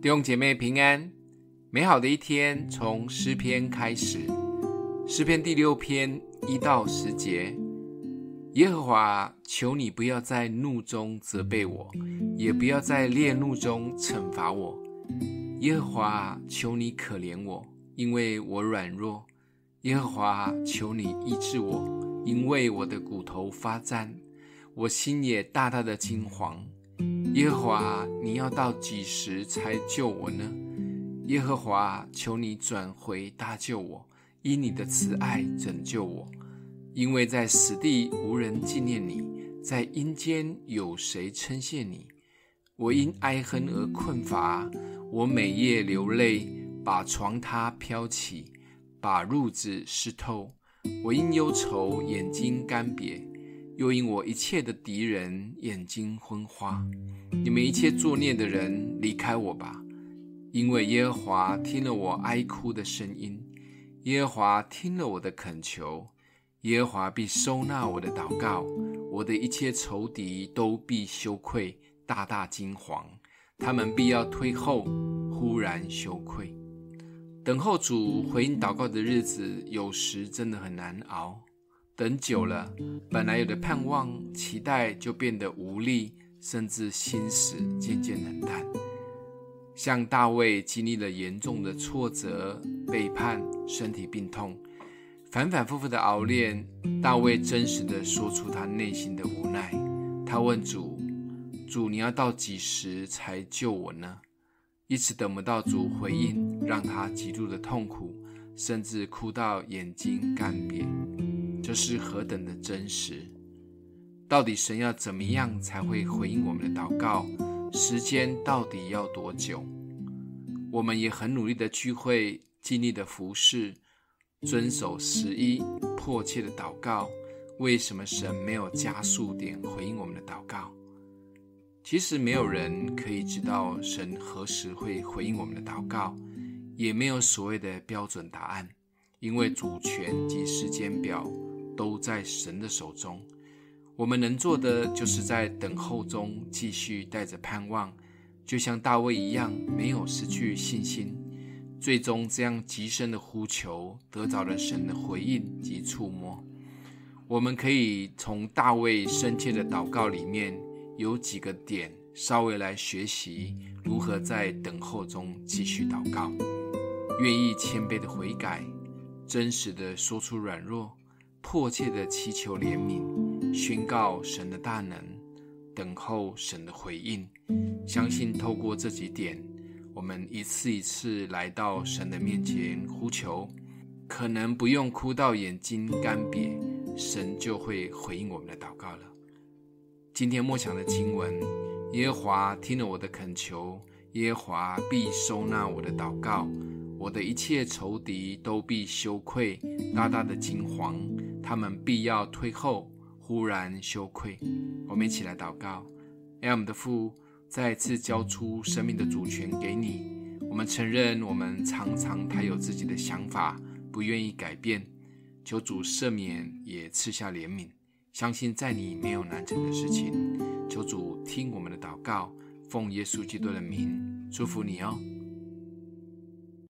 弟兄姐妹平安，美好的一天從詩篇開始。詩篇第六篇一到十節：耶和華，求你不要在怒中責備我，也不要在烈怒中懲罰我。耶和華，求你可憐我，因為我軟弱。耶和華，求你醫治我，因為我的骨頭發戰，我心也大大的驚惶。耶和華，你要到幾時才救我呢？耶和華，求你轉回搭救我，因你的慈愛拯救我，因為在死地無人記念你，在陰間有誰稱謝你？我因唉哼而困乏，我每夜流淚，把床榻漂起，把褥子濕透。我因憂愁眼睛乾癟。又因我一切的敵人眼睛昏花，你們一切作孽的人，離開我吧！因為耶和華聽了我哀哭的聲音，耶和華聽了我的懇求，耶和華必收納我的禱告，我的一切仇敵都必羞愧，大大驚惶，他們必要退後，忽然羞愧。等候主回應禱告的日子，有時真的很難熬。等久了，本來有的盼望、期待就變得無力，甚至心死，漸漸冷淡。像大衛經歷了嚴重的挫折、背叛、身體病痛，反反复复的熬煉，大衛真實的說出他內心的無奈。他問主：“主，你要到幾時才救我呢？”一直等不到主回應，讓他極度的痛苦，甚至哭到眼睛乾癟。這是何等的真實！到底神要怎麼樣才會回應我們的禱告？時間到底要多久？我們也很努力的聚會，盡力的服侍，遵守十一，迫切的禱告。為什麼神沒有加速點回應我們的禱告？其實沒有人可以知道神何時會回應我們的禱告，也沒有所謂的標準答案，因為主權及時間表。都在神的手中，我們能做的就是在等候中繼續帶着盼望，就像大衛一樣，沒有失去信心。最終，這樣極深的呼求得着了神的回應及觸摸。我們可以從大衛深切的禱告裡面有幾個點，稍微來學習如何在等候中繼續禱告，願意謙卑的悔改，真實的說出軟弱。迫切地祈求憐憫，宣告神的大能，等候神的回應，相信透過這幾點，我們一次一次來到神的面前呼求，可能不用哭到眼睛乾癟，神就會回應我們的禱告了。今天默想的經文：耶和華聽了我的懇求，耶和華必收納我的禱告，我的一切仇敵都必羞愧，大大的驚惶。他們必要退後，忽然羞愧。我們一起來禱告：愛、哎、我們的父再次交出生命的主權給你。我們承認，我們常常太有自己的想法，不願意改變。求主赦免，也賜下憐憫。相信在你沒有難成的事情。求主聽我們的禱告，奉耶穌基督的名祝福你哦。